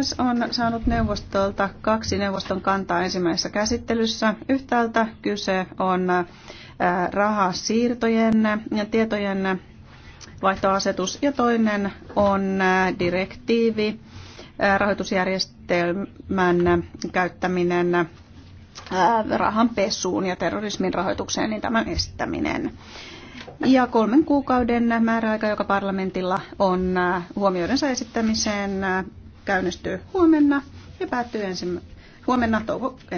Martinez on saanut neuvostolta kaksi neuvoston kantaa ensimmäisessä käsittelyssä. Yhtäältä kyse on äh, rahasiirtojen ja tietojen vaihtoasetus ja toinen on äh, direktiivi äh, rahoitusjärjestelmän käyttäminen rahan pesuun ja terrorismin rahoitukseen, niin tämän estäminen. Ja kolmen kuukauden määräaika, joka parlamentilla on huomioidensa esittämiseen käynnistyy huomenna ja päättyy ensi, huomenna touko, ensimmäinen